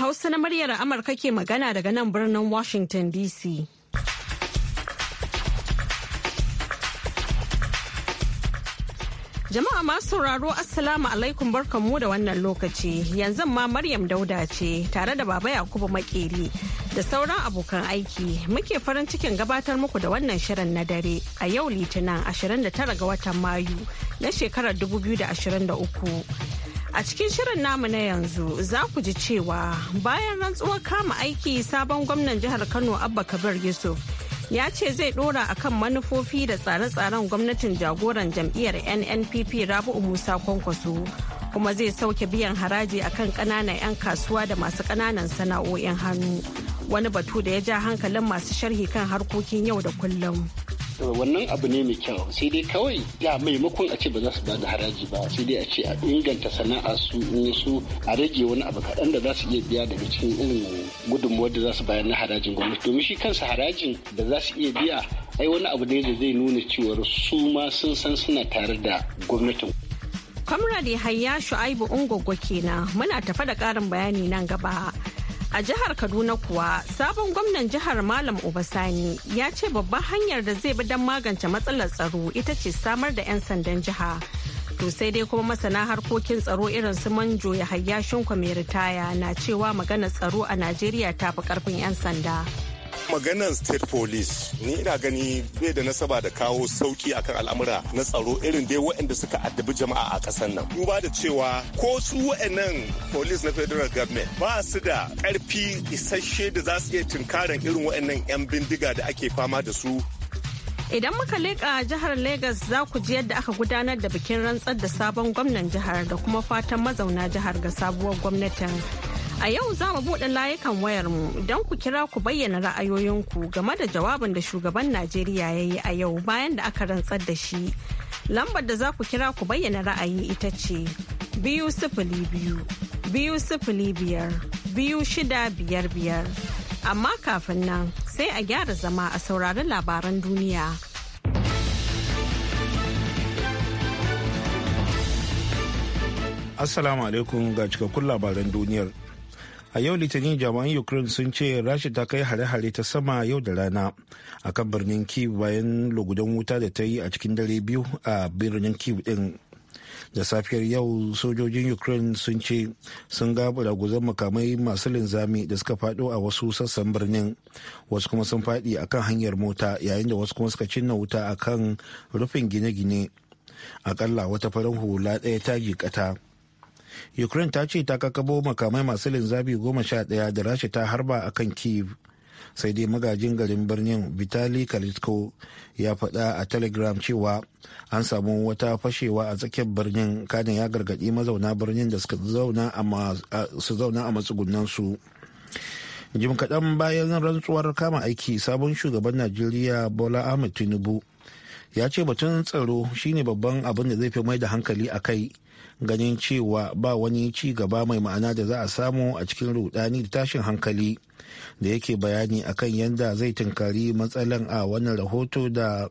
Hausa na muryar Amurka ke magana daga nan birnin Washington DC. Jama'a masu sauraro Assalamu alaikum barkanmu da wannan lokaci yanzu ma Maryam Dauda ce tare da Baba Yakubu Makeri da sauran abokan aiki muke farin cikin gabatar muku da wannan shirin na dare a yau Litinin 29 ga watan Mayu na shekarar 2023. A cikin shirin namu na yanzu za ku ji cewa bayan rantsuwar kama aiki sabon gwamnan jihar Kano Abba Kabir Yusuf ya ce zai dora kan manufofi da tsare-tsaren gwamnatin jagoran jam'iyyar NNPP Rabu'u Musa Kwankwaso kuma zai sauke biyan haraji akan ƙananan 'yan kasuwa da masu ƙananan sana'o'in hannu wani batu da ya ja hankalin masu sharhi kan harkokin yau da kullum. wannan abu ne mai kyau sai dai kawai da maimakon a ce ba za su bada haraji ba sai dai a ce a inganta sana'a su su a rage wani abu kaɗan da za su iya biya daga cikin irin gudunmuwar da za su bayar na harajin gwamnati domin shi kansa harajin da za su iya biya ai wani abu ne da zai nuna cewa su ma sun san suna tare da gwamnatin. Kamrade Hayya Shu'aibu Ungwaggo kenan muna tafa da ƙarin bayani nan gaba. A jihar Kaduna kuwa sabon gwamnan jihar Malam Obasani ya ce babban hanyar da zai bi don magance matsalar tsaro ita ce samar da 'yan sandan jiha. To sai dai kuma masana harkokin tsaro irin su manjo ya hayya shinko mai ritaya na cewa magana tsaro a Najeriya ta fi karfin 'yan sanda. maganan state police ni ina gani bai da nasaba da kawo sauki akan al'amura na tsaro irin dai waɗanda suka addabi jama'a a ƙasar nan duba da cewa ko su waɗannan police na federal government ba su da ƙarfi isasshe da za su iya tunkaran irin waɗannan 'yan bindiga da ake fama da su Idan muka leƙa jihar Legas za ku ji yadda aka gudanar da bikin rantsar da sabon gwamnan jihar da kuma fatan mazauna jihar ga sabuwar gwamnatin. A yau za mu buɗe layukan wayarmu don ku kira ku bayyana ra'ayoyinku game da jawabin da shugaban Najeriya ya yi a yau bayan da aka rantsar da shi. Lambar da za ku kira ku bayyana ra'ayi ita ce biyu sifili biyu, biyu sifili biyar, biyu shida biyar biyar. Amma kafin nan sai a gyara zama a saurari labaran duniya. Assalamu alaikum ga cikakkun labaran duniyar. a yau litinin jami'an ukraine sun ce rasha ta kai hare-hare ta sama yau da rana a kan birnin kiev bayan lugudan wuta da ta yi a cikin dare biyu a birnin kiev din da safiyar yau sojojin ukraine sun ce sun ga guzan makamai masu linzami da suka fado a wasu sassan birnin wasu kuma sun fadi a kan hanyar mota yayin da wasu kuma suka cinna wuta a kan rufin gine-gine akalla wata farin hula ɗaya ta jikata ukraine ta ce ta kakabo makamai masu linzabi goma sha ɗaya da rasha ta harba a kan kiev sai dai magajin garin birnin vitali kalitko ya faɗa a telegram cewa an samu wata fashewa a tsakiyar birnin kanin ya gargaɗi mazauna birnin da su zauna a matsugunansu jim kaɗan bayan rantsuwar kama aiki sabon shugaban najeriya bola ahmed tinubu ya ce batun tsaro shine babban abin da zai fi mai da hankali a kai ganin cewa ba wani ci gaba mai ma'ana da za a samu a cikin rudani da tashin hankali da yake bayani akan yadda zai tunkari matsalan a wannan rahoto da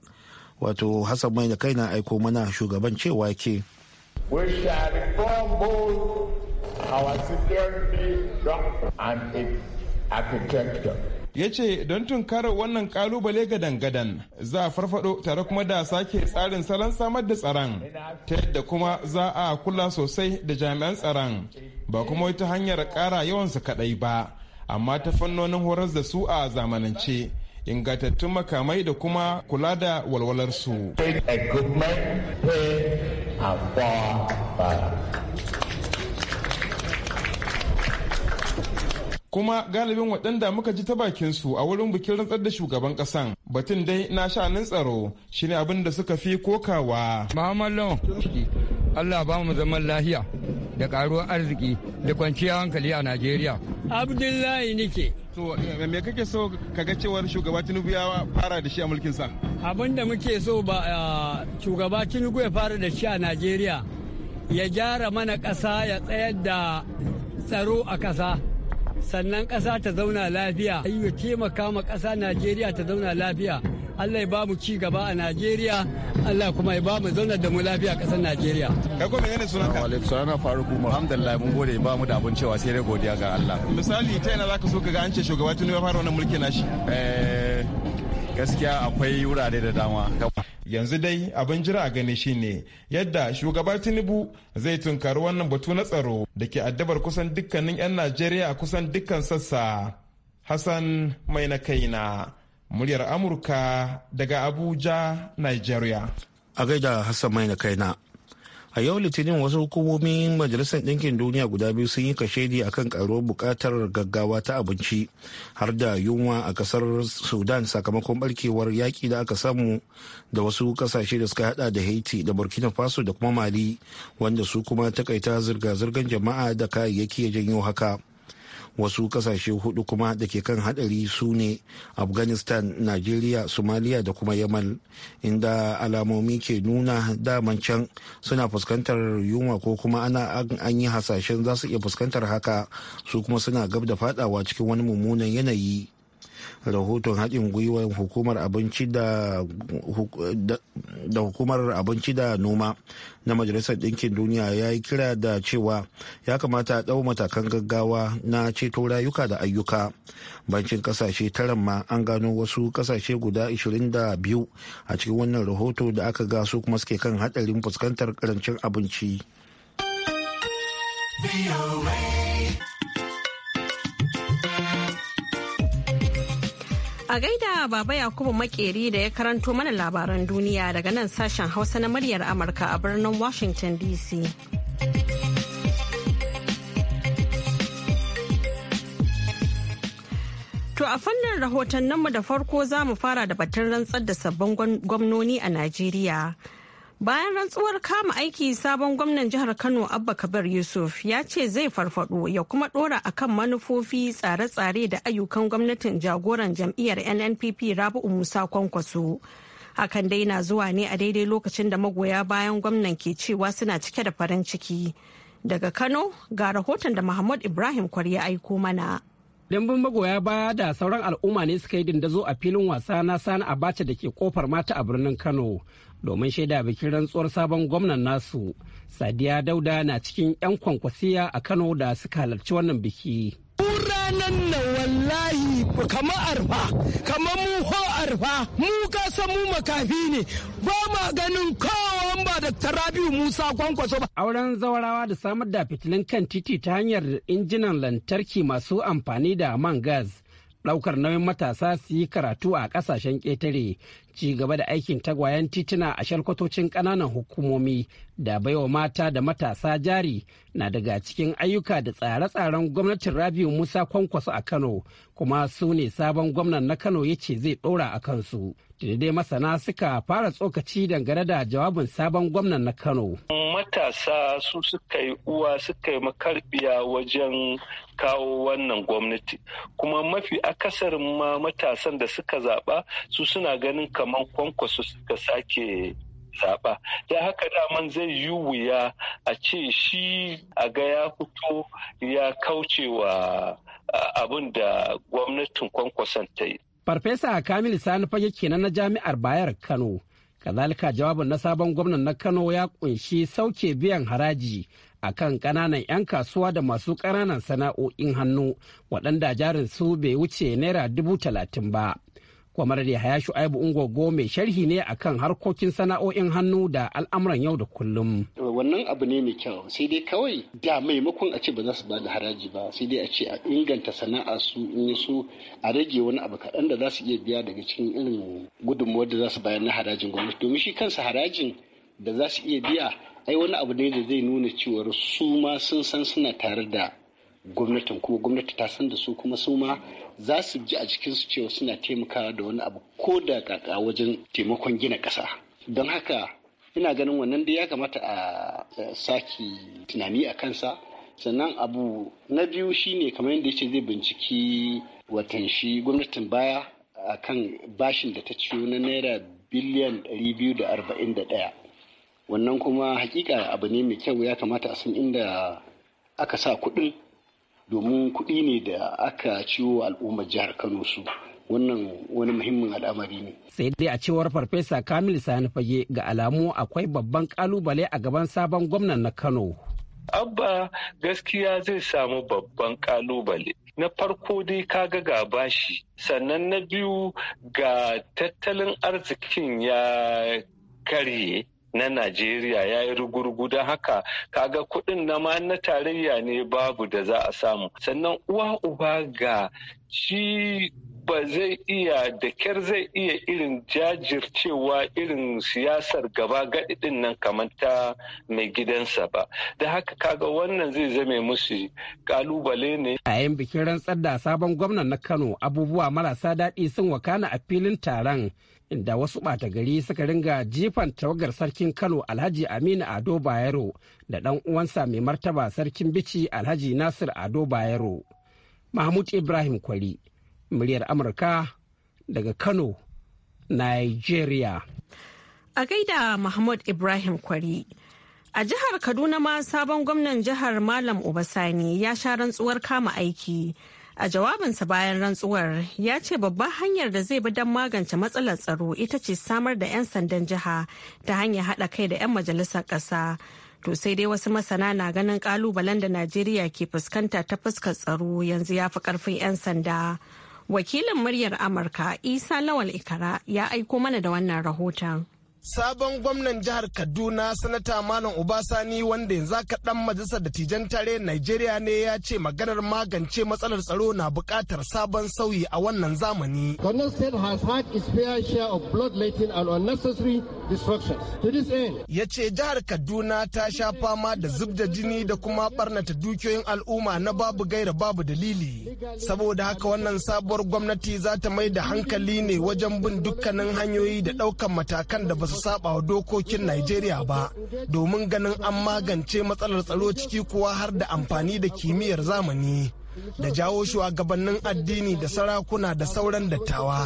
wato hassan mai da kai na aiko mana shugaban cewa ke our security and its architecture ya ce don tunkarar wannan kalubale ga dangadan za a farfado tare kuma da sake tsarin salon samar da tsaron ta yadda kuma za a kula sosai da jami'an tsaron ba kuma wata hanyar kara yawansu kadai ba amma ta fannonin horar da su a zamanance ingantattun makamai da kuma kula da walwalarsu. kuma galibin waɗanda muka ji ta bakin su a wurin bikin rantsar da shugaban ƙasan batun dai na sha nan tsaro shine abin da suka fi kokawa Muhammad Lawan Allah ba mu zaman lafiya da karuwar arziki da kwanciyar hankali a Najeriya Abdullahi nike to me kake so ka ga cewar shugaba Tinubu ya fara da shi a mulkin sa abin da muke so ba shugaba Tinubu ya fara da shi a Najeriya ya gyara mana ƙasa ya tsayar da tsaro a ƙasa sannan ƙasa ta zauna lafiya ya taimaka ma ƙasa najeriya ta zauna lafiya allah ya ba mu ci gaba a najeriya allah kuma ya ba mu zauna da mu lafiya ƙasar najeriya kai kuma yana suna ka alaikum salam faruku alhamdulillah mun gode ba mu da abun cewa sai dai godiya ga allah misali ta yana zaka so ka ga an ce shugaba tuni ya fara wannan mulkin nashi eh, gaskiya akwai wurare da dama yanzu dai abin jira a gani shine yadda shugaba tinubu zai tunkari wannan batu na tsaro da ke addabar kusan dukkanin 'yan najeriya a kusan dukkan sassa hassan mai na kaina muryar amurka daga abuja nigeria a gaida hassan mai na kaina a yau litinin wasu hukumomin majalisar ɗinkin duniya guda biyu sun yi kashedi kan karuwar buƙatar gaggawa ta abinci har da yunwa a ƙasar sudan sakamakon barkewar yaƙi da aka samu da wasu ƙasashe da suka hada da haiti da burkina faso da kuma mali wanda su kuma takaita zirga-zirgar jama'a da kayayyaki ya janyo haka wasu kasashe hudu kuma da ke kan hadari su ne afghanistan nigeria somalia da kuma yamal inda alamomi ke nuna daman can suna fuskantar yunwa ko kuma ana an yi hasashen za su iya fuskantar haka su kuma suna gab da fadawa cikin wani mummunan yanayi rahoton haɗin gwiwar hukumar abinci da hukumar abinci da noma na majalisar ɗinkin duniya ya yi kira da cewa ya kamata a ɗau matakan gaggawa na ceto rayuka da ayyuka bancin ƙasashe taran ma an gano wasu ƙasashe guda 22 a cikin wannan rahoto da aka ga su kuma suke kan haɗarin fuskantar ƙarancin abinci. A gaida Baba Yakubu Makeri da ya karanto mana labaran duniya daga nan sashen Hausa na muryar Amurka a birnin Washington DC. To a fannin rahotanninmu da farko za mu fara da batun rantsar da sabbin gwamnoni a Najeriya. Bayan rantsuwar kama aiki sabon gwamnan jihar Kano Abba Kabir Yusuf ya ce zai farfado ya kuma dora kan manufofi tsare-tsare da ayyukan gwamnatin jagoran jam'iyyar NNPP Rabi'u Musa Kwankwaso. Hakan dai na zuwa ne a daidai lokacin da magoya bayan gwamnan ke cewa suna cike da farin ciki. Daga Kano ga rahoton da Muhammad Ibrahim Kwarya aiko mana. Dambun magoya baya da sauran al'umma ne suka yi dindazo a filin wasa na sani abacha da ke kofar mata a birnin Kano domin shaida bikin rantsuwar sabon gwamnan nasu sadiya dauda na cikin 'yan kwankwasiya a kano da suka halarci wannan biki ranan na wallahi kama arfa kama mu arfa mu ka san mu makafi ne ba ma ganin kowa ba da tarabiu musa kwankwaso ba auren zawarawa da samar da fitilun kan titi ta hanyar injinan lantarki masu amfani da man gas ɗaukar nauyin matasa su yi karatu a ƙasashen ƙetare ci gaba da aikin tagwayen tituna a shalkwatocin ƙananan hukumomi da baiwa mata da matasa jari na daga cikin ayyuka da tsare-tsaren gwamnatin rabiu musa kwankwaso a kano kuma su ne sabon gwamnan na kano ya ce zai ɗora a kansu da dai masana suka fara tsokaci dangane da jawabin sabon gwamnan na kano matasa su suka yi uwa suka yi makarbiya wajen kawo wannan gwamnati kuma mafi akasarin ma matasan da suka zaba su suna ganin kamar kwankwaso suka sake zaba da haka daman zai yi wuya a ce shi a ga ya fito ya kaucewa abin da gwamnatin kwankwason ta yi Farfesa Kamil Sani fage kenan na Jami'ar Bayar Kano. Kazalika jawabin na sabon gwamnan na Kano ya kunshi sauke biyan haraji a kan ƙananan 'yan kasuwa da masu ƙananan sana'o'in hannu waɗanda jarin su bai wuce naira dubu talatin ba. ya Yahaya Shu'aibu Ungogo mai sharhi ne akan harkokin sana'o'in hannu da al'amuran yau da kullum. Wannan abu ne mai kyau sai dai kawai da maimakon a ce ba za su bada haraji ba sai dai a ce a inganta sana'a su in su a rage wani abu kaɗan da za su iya biya daga cikin irin gudunmuwar da za su bayar na harajin gwamnati domin shi kansa harajin da za su iya biya ai wani abu ne da zai nuna cewar su ma sun san suna tare da gwamnatin kuma gwamnati ta san da su kuma su ma za su ji a su cewa suna taimakawa da wani abu ko da kaka wajen taimakon gina ƙasa don haka ina ganin wannan da ya kamata a saki tunani a kansa sannan abu na biyu shine kamar yadda ce zai binciki watan shi gwamnatin baya a kan bashin da ta ciyo na naira biliyan 241 wannan kuma hakika abu ne mai kyau ya kamata a san inda aka sa kuɗin domin kuɗi ne da aka ciwo al'ummar jihar kano su wannan wani muhimmin al'amari ne. sai dai a cewar farfesa kamil sani fage ga alamu akwai babban kalubale a gaban sabon gwamnan na kano abba gaskiya zai samu babban kalubale na farko dai kaga ga bashi sannan na biyu ga tattalin arzikin ya karye na Najeriya ya yi rugurgu da haka kaga kuɗin na ma na tarayya ne babu da za a samu. Sannan uwa uba ga shi ba zai iya da kyar zai iya irin jajircewa irin siyasar gaba gaɗiɗin nan kamar ta mai gidansa ba da haka kaga wannan zai zame musu kalubale ne a yayin bikin rantsar da sabon gwamnan na kano abubuwa marasa daɗi sun wakana a filin taron inda wasu ɓata gari suka ringa jifan tawagar sarkin kano alhaji aminu ado bayero da ɗan uwansa mai martaba sarkin bici alhaji nasir ado bayero mahmud ibrahim kwari muryar amurka daga kano nigeria a gaida mahmud ibrahim kwari a jihar kaduna ma sabon gwamnan jihar malam obasani ya sha rantsuwar kama aiki A jawabinsa bayan rantsuwar ya ce babban hanyar da zai bi don magance matsalar tsaro ita ce samar da 'yan sandan jiha ta hanyar haɗa kai da 'yan majalisar ƙasa. To sai dai wasu masana na ganin ƙalubalen da Najeriya ke fuskanta ta fuskar tsaro yanzu ya fi karfin 'yan sanda. Wakilin muryar Amurka Isa Lawal Ikara ya aiko mana da wannan rahoton. sabon gwamnan jihar kaduna sanata malam ubasani wanda yanzu aka dan majalisar dattijan tare nigeria ne ya ce maganar magance matsalar tsaro na bukatar sabon sauyi a wannan zamani ya ce jihar kaduna ta sha fama da zub da jini da kuma barnata dukiyoyin al'umma na babu gaira babu dalili saboda haka wannan sabuwar gwamnati za ta mai da hankali ne wajen bin dukkanin hanyoyi da ɗaukan matakan da ba su saba wa dokokin Najeriya ba domin ganin an magance matsalar tsaro ciki kuwa har da amfani da kimiyyar zamani. da jawo shugabannin addini da sarakuna da sauran dattawa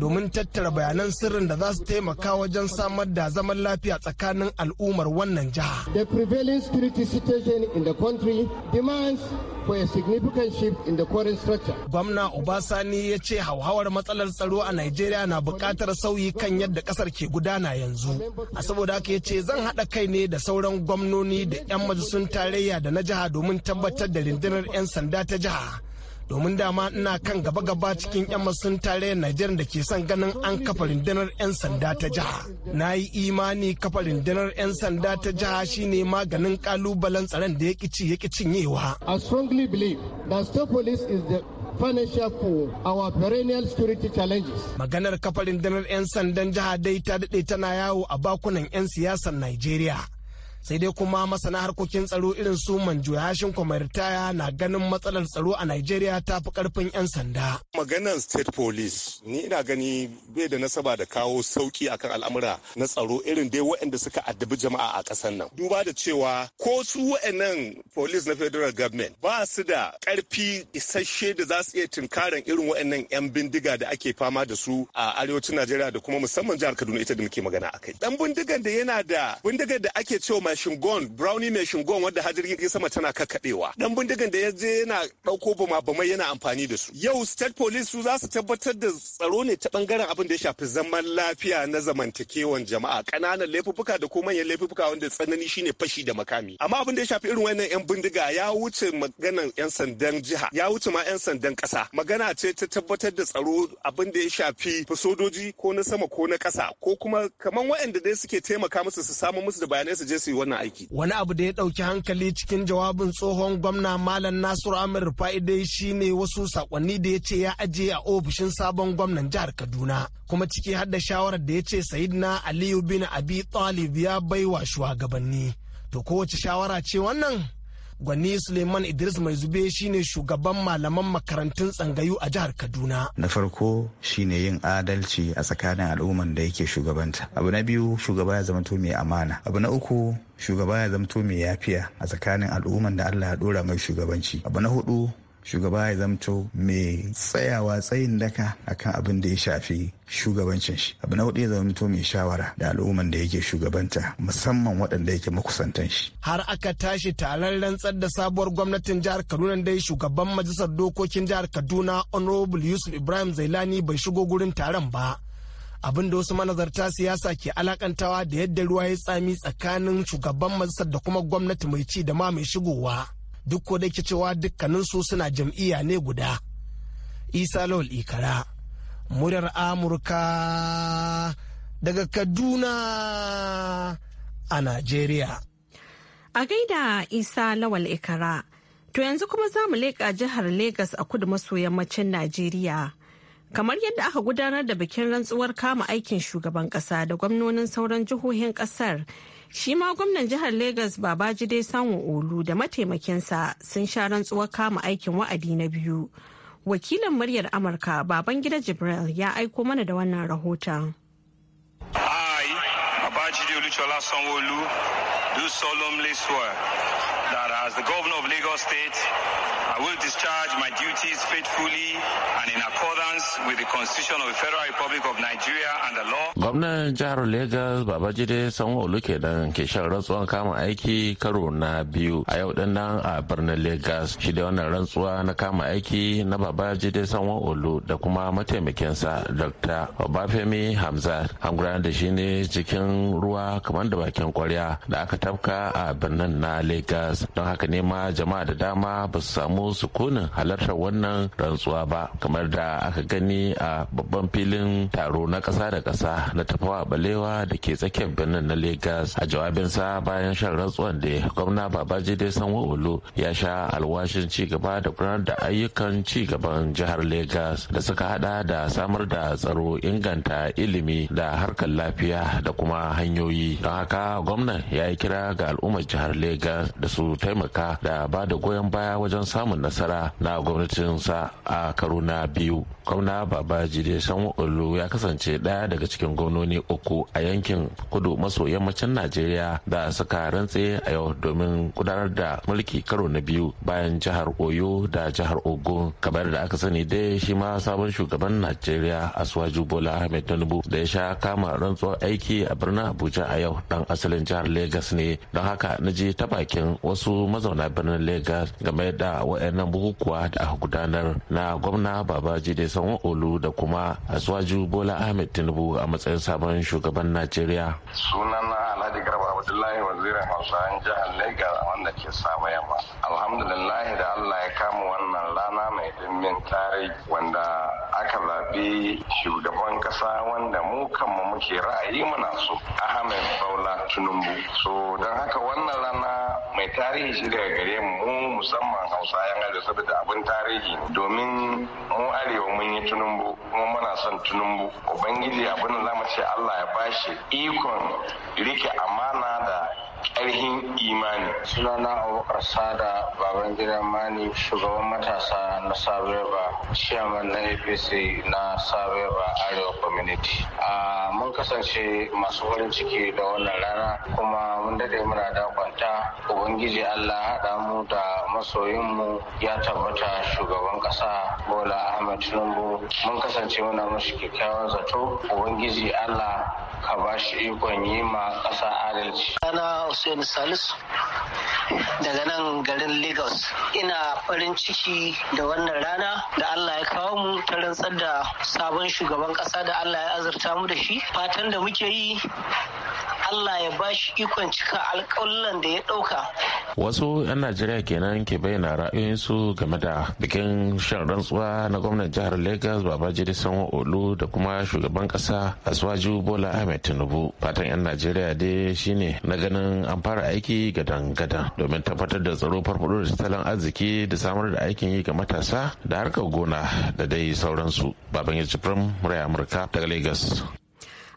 domin tattara bayanan sirrin da za su taimaka wajen samar da zaman lafiya tsakanin al'ummar wannan jiha. The prevailing security situation in the country demands for a significant shift in the current structure. Gwamna Obasani ya ce hauhawar matsalar tsaro a Najeriya na bukatar sauyi kan yadda ƙasar ke gudana yanzu. A saboda haka ya ce zan haɗa kai ne da sauran gwamnoni da 'yan majalisun tarayya da na jiha domin tabbatar da rundunar 'yan sanda ta jiha. domin dama ina kan gaba-gaba cikin 'yan masun tarayyar Najeriya da ke son ganin an kafa rindunar 'yan sanda ta jiha. Na yi imani kafa rindunar 'yan sanda ta jiha shine maganin kalubalen tsaron da ya ci ya cinyewa. I strongly believe that state police is the financial for our perennial security challenges. Maganar kafa rundunar 'yan sandan jiha dai ta daɗe tana yawo a bakunan 'yan siyasar Najeriya. sai dai kuma masana harkokin tsaro irin su manjo yashin kwamitaya na ganin matsalar tsaro a nigeria ta fi karfin 'yan sanda maganar state police ni ina gani bai da nasaba da kawo sauki akan al'amura na tsaro irin dai waɗanda suka addabi jama'a a ƙasar nan duba da cewa ko su waɗannan police na federal government ba su da karfi isasshe da za su iya tunkaran irin waɗannan 'yan bindiga da ake fama da su a arewacin najeriya da kuma musamman jihar kaduna ita da muke magana akai dan bindigan da yana da bindigar da ake cewa mai shingon brownie mai shingon wanda har jirgin sama tana kakkaɓewa dan bindigan da ya je yana ɗauko bama bamai yana amfani da su yau state police su za su tabbatar da tsaro ne ta bangaren abin da ya shafi zaman lafiya na zamantakewan jama'a ƙananan laifuffuka da ko manyan laifuffuka wanda tsanani shine fashi da makami amma abin da ya shafi irin wannan yan bindiga ya wuce maganan yan sandan jiha ya wuce ma yan sandan kasa magana ce ta tabbatar da tsaro abin da ya shafi sojoji ko na sama ko na kasa ko kuma kaman waɗanda dai suke taimaka musu su samu musu da bayanai su je su yi wannan aiki. Wani abu da ya ɗauki hankali cikin jawabin tsohon gwamna Malam Nasiru Amir Fa'idai shi ne wasu sakonni da ya ce ya ajiye a ofishin sabon gwamnan jihar Kaduna. Kuma ciki har da shawarar da ya ce Sayidina Aliyu bin Abi Talib ya baiwa shugabanni. To kowace shawara ce wannan? Gwani Suleiman Idris Mai Zube shine shugaban malaman makarantun tsangayu a jihar Kaduna. Na farko shine yin adalci a tsakanin al'umman da yake shugabanta. Abu na biyu shugaba ya zama mai amana. Abu na uku shugaba ya zama mai yafiya a tsakanin al'umman da Allah ya dora mai shugabanci. Abu na hudu shugaba ya zamto mai tsayawa tsayin daka akan abin da ya shafi shugabancin shi abu na hudu ya zamto mai shawara da al'umman da yake shugabanta musamman waɗanda yake makusantan shi har aka tashi taron rantsar da sabuwar gwamnatin jihar kaduna dai shugaban majalisar dokokin jihar kaduna honorable yusuf ibrahim zailani bai shigo gurin taron ba abin da wasu manazarta siyasa ke alakantawa da yadda ruwa ya tsami tsakanin shugaban majalisar da kuma gwamnati mai ci da ma mai shigowa duk ko dai cewa dukkanin su suna jam'iyya ne guda isa lawal ikara muryar amurka daga kaduna a najeriya a gaida isa lawal ikara to yanzu kuma za mu leƙa jihar Legas a kudu maso yammacin najeriya kamar yadda aka gudanar da bikin rantsuwar kama aikin shugaban ƙasa da gwamnonin sauran jihohin ƙasar. Shi ma gwamnan jihar Lagos Babajide Sanwo Olu da mataimakinsa sun sha rantsuwar kama aikin wa'adi na biyu. Wakilin muryar Amurka Babangida Jibril ya aiko mana da wannan rahoton. I, Babajide Oluchola Sanwo-Olu, do solemnly swear that as the governor of Lagos State, I will discharge my duties faithfully and in accordance with the Constitution of the Federal Republic of Nigeria and the law. Gwamnan jihar Lagos Babajide Sanwo-Olu kenan ke shan rantsuwan kama aiki karo na biyu a yau din nan a birnin Lagos. Shi da wannan rantsuwa na kama aiki na Babajide Sanwo-Olu da kuma mataimakinsa Dr. Obafemi Hamza. An da shi ne cikin ruwa kamar da bakin kwarya da aka tafka a birnin na Lagos. Don haka ne ma jama'a da dama ba su samu samu sukunin halartar wannan rantsuwa ba kamar da aka gani a babban filin taro na ƙasa da ƙasa na tafawa balewa da ke tsakiyar birnin na Legas a jawabinsa bayan shan rantsuwan da gwamna Babajide Sanwo-Olu ya sha alwashin ci gaba da gudanar da ayyukan ci gaban jihar Legas da suka hada da samar da tsaro inganta ilimi da harkar lafiya da kuma hanyoyi don haka gwamnan ya yi kira ga al'ummar jihar Legas da su taimaka da ba da goyon baya wajen samun samun nasara na gwamnatinsa a karo na biyu gwamna babajide sanwo-olu ya kasance daya daga cikin gwamnoni uku a yankin kudu maso yammacin najeriya da suka rantse a yau domin gudanar da mulki karo na biyu bayan jihar oyo da jihar ogun kamar da aka sani dai shi ma sabon shugaban najeriya asuwaju bola ahmed tinubu da ya sha kama rantsuwar aiki a birnin abuja a yau dan asalin jihar lagos ne don haka na ji ta bakin wasu mazauna birnin lagos game da wayannan bukukuwa da aka gudanar na gwamna da sanwa Olu da kuma Aswaju Bola Ahmed Tinubu a matsayin sabon shugaban Najeriya. Sunana Alhaji Garba Abdullahi wazirin hausa Hausawan jihar a wanda ke saba yamma. Alhamdulillah da Allah ya kama wannan rana mai dimmin tarihi wanda aka zaɓi shugaban ƙasa wanda mu kanmu muke ra'ayi muna so. Ahmed Baula Tinubu. So don haka wannan rana mai tarihi shi daga gare mu musamman hausa yan arewa saboda abin tarihi domin mu arewa mun yi tunumbu kuma muna son tunumbu ubangiji abin da zamu ce Allah ya bashi ikon rike amana da ainihin imani sunana abubakar sada baban gidan mani shugaban matasa na sabeba chairman na apc na sabeba arewa community a mun kasance masu farin ciki da wannan rana kuma mun dade muna da kwanta ubangiji allah haɗa mu da masoyin mu ya tabbata shugaban kasa bola ahmed tinubu mun kasance muna mashi kyakkyawan zato ubangiji allah ka ba shi ikon yi ma kasa adalci ana hussein salisu daga nan garin lagos ina farin ciki da wannan rana da allah ya kawo mu ta rantsar da sabon shugaban kasa da allah ya azurta mu da shi fatan da muke yi allah ya bashi ikon cika alƙawallan da ya ɗauka wasu 'yan najeriya kenan nan ke bayyana ra'ayoyinsu game da bikin shan rantsuwa na gwamnan jihar Legas Babajide Sanwo Olu da kuma shugaban kasa Aswaju Bola Ahmed Tinubu. Fatan 'yan Najeriya dai shine na ganin an fara aiki gadan-gadan domin tabbatar da tsaro farfado da tattalin arziki da samar da aikin yi ga matasa da harkar gona da dai sauransu. Baban Yajibirin Murai Amurka daga Legas.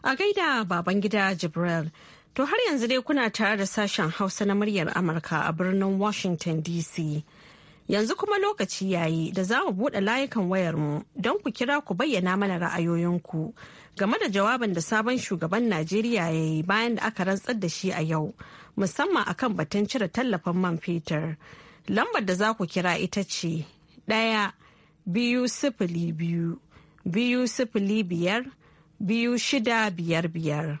A gaida Babangida Jibril. To har yanzu dai kuna tare da sashen Hausa na muryar Amurka a birnin Washington DC. Yanzu kuma lokaci yayi da za mu buɗe layukan wayarmu don ku kira ku bayyana mana ra'ayoyinku game da jawabin da sabon shugaban Najeriya ya yi bayan da aka rantsar da shi a yau, musamman akan batun cire tallafin man fetur. Lambar da za ku kira ita ce ɗaya biyu sifili biyu biyu sifili biyar biyu shida biyar biyar.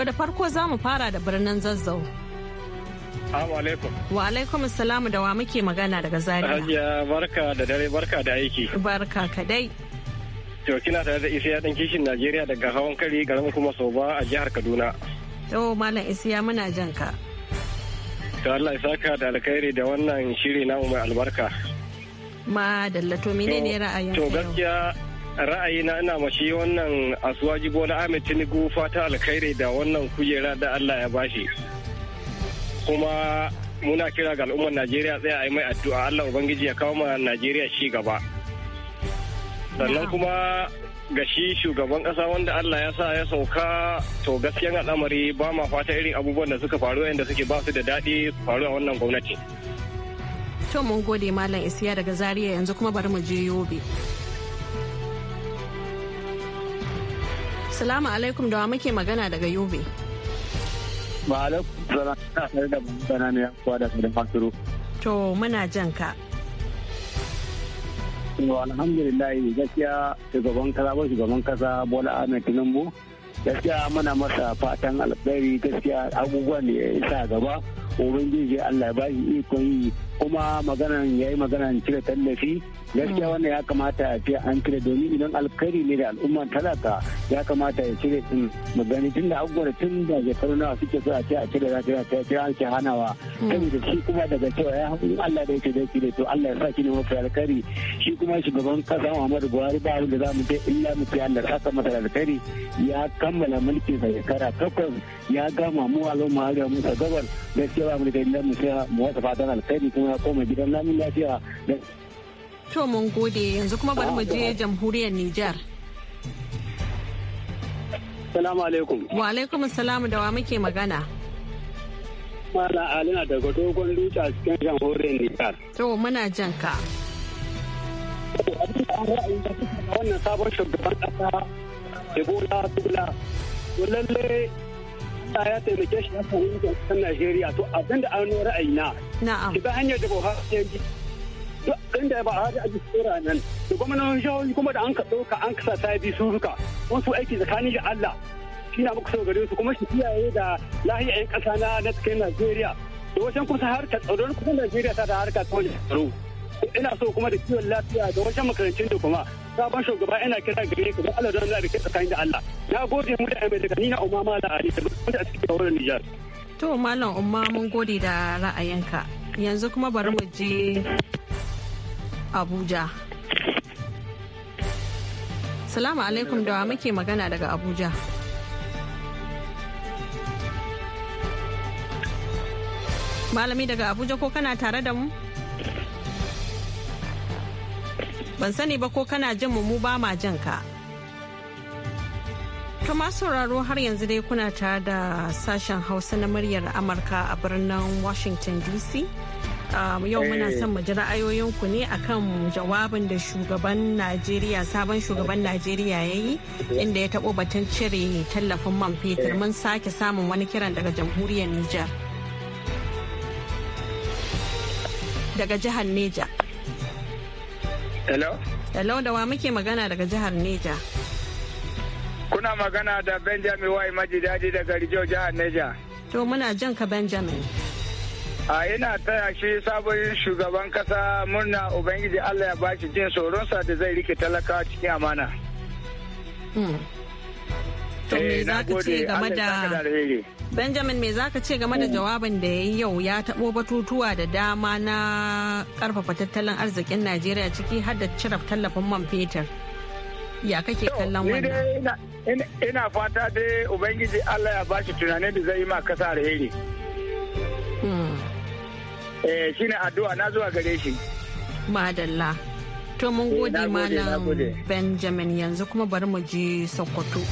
To da farko za mu fara da birnin zazzau. alaikum. Wa alaikum salamu da wa muke magana daga Zaria. Hajiya barka da dare barka da aiki. Barka kadai. To kina tare da Isiya ɗan kishin Najeriya daga hawan kari garin kuma Soba a jihar Kaduna. Yau Malam Isiya muna jan ka. To Allah isa ka da alkhairi da wannan shiri namu mai albarka. Ma dallato menene ra'ayin To gaskiya ra'ayina ina mashi wannan asuwaji bola ahmed tinubu fata alkhairi da wannan kujera da allah ya bashi kuma muna kira ga al'ummar najeriya tsaya a yi mai addu'a allah ubangiji ya kawo ma najeriya shi gaba sannan kuma ga shi shugaban kasa wanda allah ya sa ya sauka to gaskiyan al'amari ba ma fata irin abubuwan da suka faru yadda suke ba su da daɗi faru a wannan gwamnati. to mun gode malam isiya daga zaria yanzu kuma bari mu je yobe. Assalamu alaikum da wa muke magana daga Yobe. Ba alaikum salam ina tare da mutana ne kuwa da su da fasuru. To muna jan ka. To alhamdulillah gaskiya shugaban kasa ba shugaban kasa Bola Ahmed Tinubu gaskiya muna masa fatan alkhairi gaskiya abubuwan da ya isa gaba ubangiji Allah ya bashi ikon yi kuma maganan ya yi maganan cire tallafi gaskiya mm. wanda ya kamata a ce an cire domin idan alkari ne da al'umma talaka ya kamata ya cire din magani tun da agwara tun da shekaru nawa suke so a ce a cire zafi a ce an ce hanawa mm. saboda shi kuma daga cewa ya haɗu Allah da yake da to Allah ya sa shi ne mafi alkhairi shi kuma shugaban kasa Muhammadu Buhari ba da za mu ce illa mu ce Allah saka masa alkhairi ya kammala mulkin sa shekara takwas ya gama mu al'umma ga musa gabar gaskiya ba mu da illa mu ce mu wasa fatan alkhairi kuma kuma koma gidan namun lafiya to mun gode yanzu kuma bari mu je jamhuriyar Nijar Salamu alaikum. Wa alaikum salamu da wa muke magana. Mala Alina daga dogon duta cikin jamhuriyar Nijar. To muna jan ka. wannan sabon shugaban kasa Ebola Tula. Lalle Allah ya taimake shi ya yankin kasar Najeriya to abinda an nuna ra'ayina. Na'am. Ki hanyar da Buhari ta yi duk inda ba a da aji tsora nan da gwamnatin jihohi kuma da an ka ɗauka an kasa ta bi su suka wasu aiki tsakanin da Allah shi na muku so gare su kuma shi kiyaye da lahiya yan ƙasa na na cikin Najeriya da wajen kusa harkar tsaro kusan Najeriya ta da harkar tsaro. ina so kuma da kiwon lafiya da wajen makarantun da kuma sabon shugaba ina kira gare ka da Allah don Allah da kai tsakanin da Allah na gode mu da Amerika ni na umma mala ali da mutum a cikin wurin Nijar to mallam umma mun gode da ra'ayinka yanzu kuma bari mu je Abuja Salamu alaikum da muke magana daga Abuja. Malami daga Abuja ko kana tare da mu? ban sani ba ko kana jin mu ba ma jin ka kama sauraro har yanzu dai kuna tare da sashen hausa na muryar amurka a birnin washington dc um, yau muna eh. son mu ji ra'ayoyinku ne akan jawabin da shugaban najeriya sabon shugaban najeriya ya yi inda ya taɓo batun cire tallafin man fetur mun sake samun wani kiran daga jamhuriyar nijar daga jihar neja Hello? Hello da wa muke magana daga jihar Neja. Kuna magana da Benjamin Wai daji daga Rijo jihar Neja. To muna jan ka Benjamin. A ina taya shi sabon shugaban kasa murna Ubangiji Allah ya bashi jin tsoronsa da zai rike talaka cikin amana. Hmm. To me eh, za ka ce game da Benjamin mm. me za ka ce game da jawabin da ya yi yau ya taɓo batutuwa da dama na ƙarfafa tattalin arzikin Najeriya ciki har da cire tallafin man fetur. Ya kake kallon wannan? Ina fata dai Ubangiji Allah ya bashi tunanin da zai yi ma kasa alheri. Hmm. Eh shi ne addu'a na zuwa gare shi. Madalla. To mun gode eh, malam Benjamin yanzu kuma bari mu je Sokoto.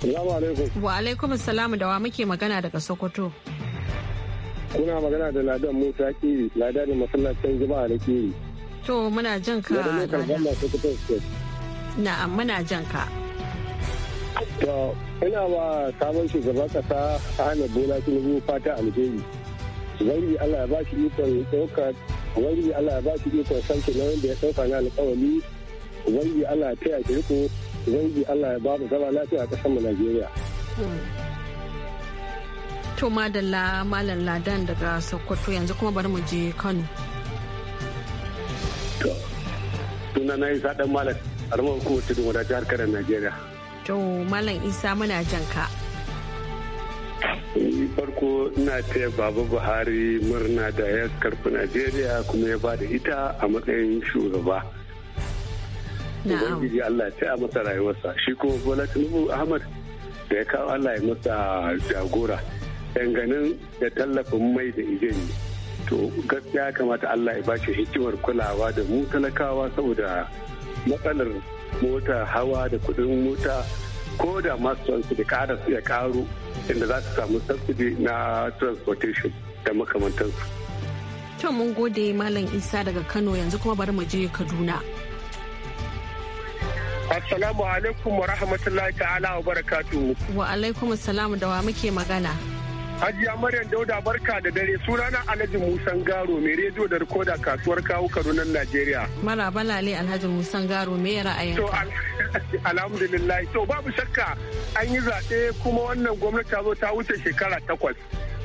Salamu alaikum. Wa alaikum salamu da wa muke magana daga Sokoto. Kuna magana da Ladan Musa Kiri, Lada da masallacin Juma'a na Kiri. To muna jan ka. Na'am muna jan ka. To ina ba sabon shugaban kasa Ahmed Bola Tinubu fata alheri. Wani Allah ya ba shi ikon ɗauka, wani Allah ya ba shi ikon sanke na wanda ya ɗauka na alƙawari, wani Allah ya taya shi riko Ubangiji Allah ya ba mu zama lafiya a ƙasar mu Najeriya. To madalla malam ladan daga Sokoto yanzu kuma bari mu je Kano. Tuna na Isa dan malam Arma hukumar tudun wada jihar Kano Najeriya. To malam Isa muna jan ka. Eh, farko ina taya baba buhari murna da ya karfi najeriya kuma ya ba da ita a matsayin shugaba ubangiji Allah ya taya masa rayuwarsa shi kuma Bola Tinubu Ahmad da ya kawo Allah ya masa jagora danganin da tallafin mai da izini to gaskiya kamata Allah ya bashi hikimar kulawa da mu talakawa saboda matsalar mota hawa da kudin mota ko da masu da kada su ya karu inda za su samu subsidy na transportation da makamantansu. To mun gode Malam Isa daga Kano yanzu kuma bari mu je Kaduna. Assalamu alaikum wa rahmatullahi ta'ala wa barakatu. Wa alaikum assalamu da wa muke magana. Hajiya Maryam Dauda barka da dare sunana Alhaji Musan Garo mai rediyo da rikoda kasuwar kawo Kadunan Najeriya. Mara ne Alhaji Musan Garo me ra'ayin? To alhamdulillah to babu shakka an yi zaɓe kuma wannan gwamnati ta zo ta wuce shekara takwas.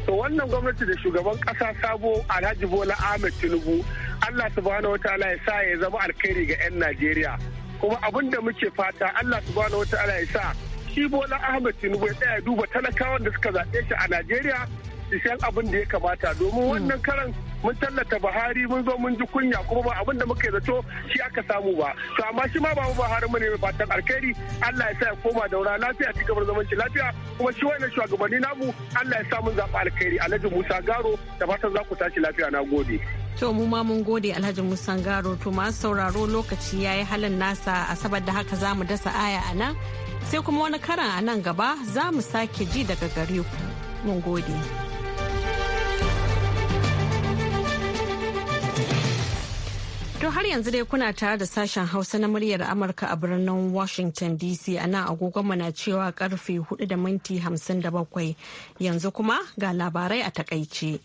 To wannan gwamnati da shugaban ƙasa sabo Alhaji Bola Ahmed Tinubu Allah subhanahu wa ta'ala ya sa ya zama alkhairi ga 'yan Najeriya. kuma abin da muke fata Allah subhanahu ta'ala ya sa shi Bola Ahmed Tinubu ya tsaya duba talakawan da suka zaɓe shi a Najeriya isan abin da ya kamata domin wannan karan mun tallata Buhari mun zo mun ji kunya kuma ba abin da muka zato shi aka samu ba to amma shi ma ba mu Buhari mu ne ba fatan alkhairi Allah ya sa ya koma da wura lafiya ci gaban zaman ci lafiya kuma shi wannan shugabanni namu Allah ya sa mun zaɓi alkhairi Alhaji Musa Garo da fatan za ku tashi lafiya na gode. To mu ma mun gode Alhaji musa Garo to masu sauraro lokaci ya yi halin nasa a saboda haka za mu dasa aya a nan sai kuma wani karan a nan gaba za mu sake ji daga gare ku. Mun gode. To har yanzu dai kuna tare da sashen Hausa na muryar Amurka a birnin Washington DC a nan agogonmu na cewa karfe 4 da minti 57 yanzu kuma ga labarai a takaice.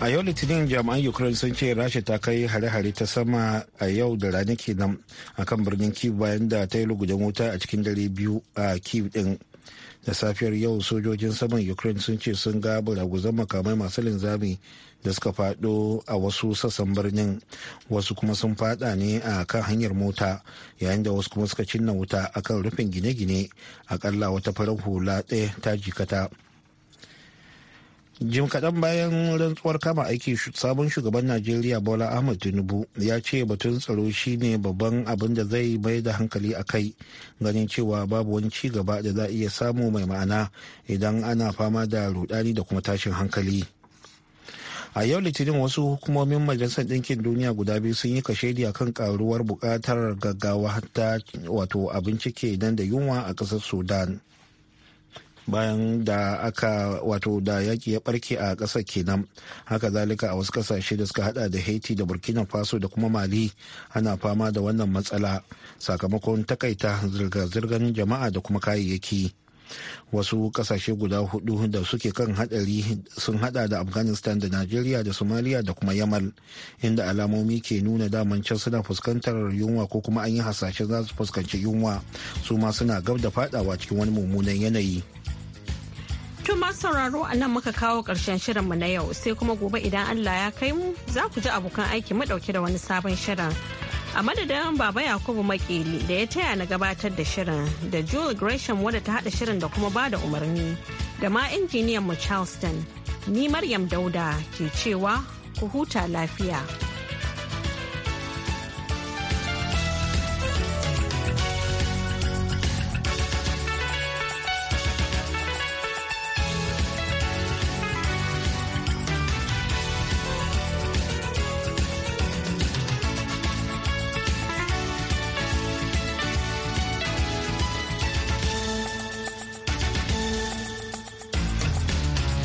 a yau litinin jami'an ukraine sun ce rasha ta kai hare-hare ta sama a yau da rana kenan a kan birnin kyiv bayan da ta yi lugudan wuta a cikin dare biyu a kyiv din da safiyar yau sojojin saman ukraine sun ce sun ga buraguzan makamai masu linzami da suka fado a wasu sassan birnin wasu kuma sun fada ne a kan hanyar mota yayin da wasu kuma suka cinna wuta a kan rufin gine-gine akalla wata farar hula ɗaya ta jikata jim kaɗan bayan rantsuwar kama aiki sabon shugaban najeriya bola ahmed tinubu ya ce batun tsaro shine babban abin da zai mai da hankali a kai ganin cewa babu wani ci gaba da za a iya samu mai ma'ana idan ana fama da rudani da kuma tashin hankali a yau litinin wasu hukumomin majalisar ɗinkin duniya guda biyu sun yi kashedi a kan karuwar buƙatar gaggawa ta wato abinci ke nan da yunwa a ƙasar sudan bayan da aka wato da yaƙi ya ɓarke a ƙasar kenan haka zalika a wasu ƙasashe da suka hada da haiti da burkina faso da kuma mali ana fama da wannan matsala sakamakon takaita zirga-zirgar jama'a da kuma kayayyaki. wasu kasashe guda hudu da suke kan hadari sun hada da afghanistan da najeriya da somalia da kuma yamal inda alamomi ke nuna daman can suna fuskantar yunwa ko kuma an yi hasashe za su fuskanci yunwa su ma suna gab da fadawa cikin wani mummunan yanayi tun masu sauraro a nan muka kawo ƙarshen shirinmu na yau sai kuma gobe idan Allah ya kai mu za ku ji abokan aiki mu ɗauke da wani sabon shirin. a madadin baba yakubu makeli da ya taya na gabatar da shirin da jewel gresham wadda ta hada shirin da kuma bada umarni da ma injiniyan mu charleston ni maryam dauda ke cewa ku huta lafiya.